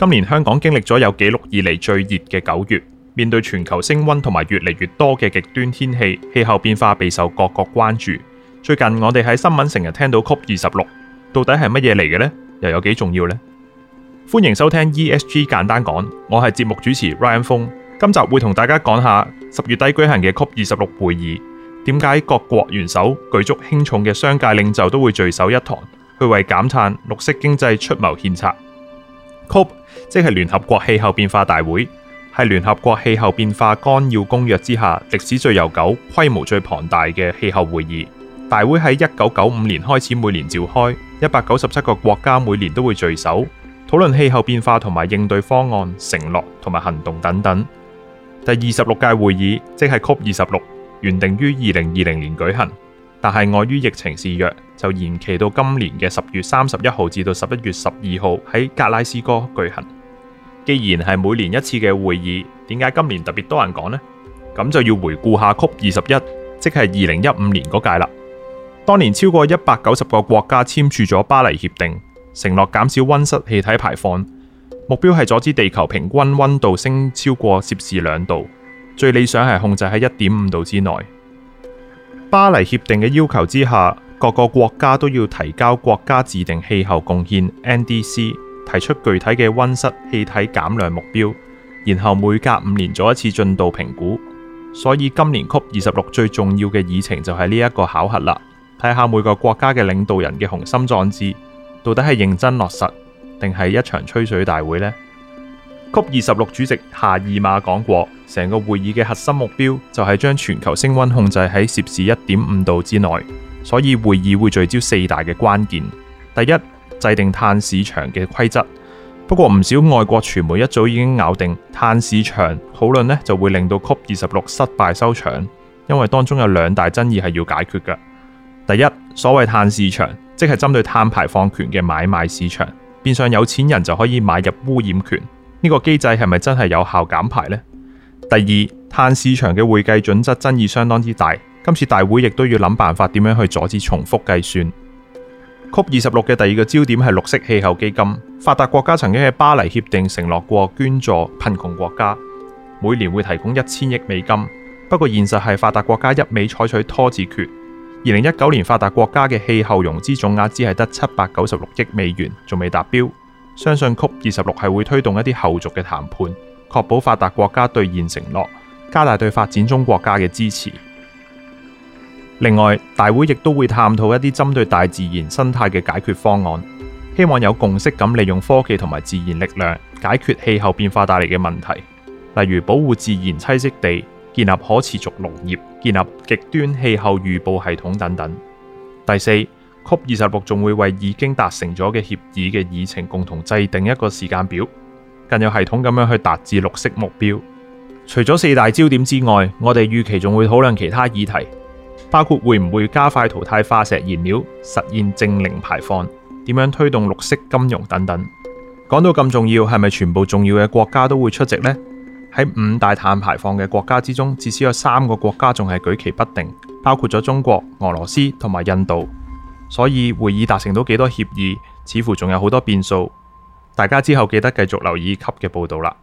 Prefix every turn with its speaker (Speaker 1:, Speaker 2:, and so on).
Speaker 1: 今年香港經歷咗有紀錄以嚟最熱嘅九月，面對全球升溫同埋越嚟越多嘅極端天氣，氣候變化備受各國關注。最近我哋喺新聞成日聽到 COP 26，到底係乜嘢嚟嘅呢？又有幾重要呢？歡迎收聽 ESG 簡單講，我係節目主持 Ryan Phong，今集會同大家講下十月底舉行嘅 COP 26會議，點解各國元首、舉足輕重嘅商界領袖都會聚首一堂，去為減碳、綠色經濟出謀獻策。COP 即係聯合國氣候變化大會，係聯合國氣候變化框架公約之下歷史最悠久、規模最龐大嘅氣候會議。大會喺一九九五年開始每年召開，一百九十七個國家每年都會聚首討論氣候變化同埋應對方案、承諾同埋行動等等。第二十六屆會議即係 COP 二十六，原定於二零二零年舉行，但係礙於疫情肆虐。就延期到今年嘅十月三十一號至到十一月十二號喺格拉斯哥舉行。既然係每年一次嘅會議，點解今年特別多人講呢？咁就要回顧下曲二十一，即係二零一五年嗰屆啦。當年超過一百九十個國家簽署咗巴黎協定，承諾減少溫室氣體排放，目標係阻止地球平均溫度升超過攝氏兩度，最理想係控制喺一點五度之內。巴黎協定嘅要求之下，各個國家都要提交國家自定氣候貢獻 （NDC），提出具體嘅溫室氣體減量目標，然後每隔五年做一次進度評估。所以今年 COP26 最重要嘅議程就係呢一個考核啦，睇下每個國家嘅領導人嘅雄心壯志到底係認真落實，定係一場吹水大會呢？COP26 主席夏爾馬講過，成個會議嘅核心目標就係將全球升温控制喺攝氏一點五度之內。所以會議會聚焦四大嘅關鍵。第一，制定碳市場嘅規則。不過唔少外國傳媒一早已經咬定碳市場討論呢就會令到 COP 二十六失敗收場，因為當中有兩大爭議係要解決嘅。第一，所謂碳市場，即係針對碳排放權嘅買賣市場，變相有錢人就可以買入污染權。呢個機制係咪真係有效減排呢？第二，碳市場嘅會計準則爭議相當之大。今次大會亦都要諗辦法，點樣去阻止重複計算。曲二十六嘅第二個焦點係綠色氣候基金。發達國家曾經喺巴黎協定承諾過捐助貧窮國家，每年會提供一千億美金。不過現實係發達國家一味採取拖字訣。二零一九年發達國家嘅氣候融資總額只係得七百九十六億美元，仲未達標。相信曲二十六係會推動一啲後續嘅談判，確保發達國家兌現承諾，加大對發展中國家嘅支持。另外，大會亦都會探討一啲針對大自然生態嘅解決方案，希望有共識咁利用科技同埋自然力量解決氣候變化帶嚟嘅問題，例如保護自然棲息地、建立可持續農業、建立極端氣候預報系統等等。第四，COP 二十六仲會為已經達成咗嘅協議嘅議程共同制定一個時間表，更有系統咁樣去達至綠色目標。除咗四大焦點之外，我哋預期仲會討論其他議題。包括會唔會加快淘汰化石燃料，實現淨零排放？點樣推動綠色金融等等？講到咁重要，係咪全部重要嘅國家都會出席呢？喺五大碳排放嘅國家之中，至少有三個國家仲係舉棋不定，包括咗中國、俄羅斯同埋印度。所以會議達成到幾多協議，似乎仲有好多變數。大家之後記得繼續留意及嘅報道啦。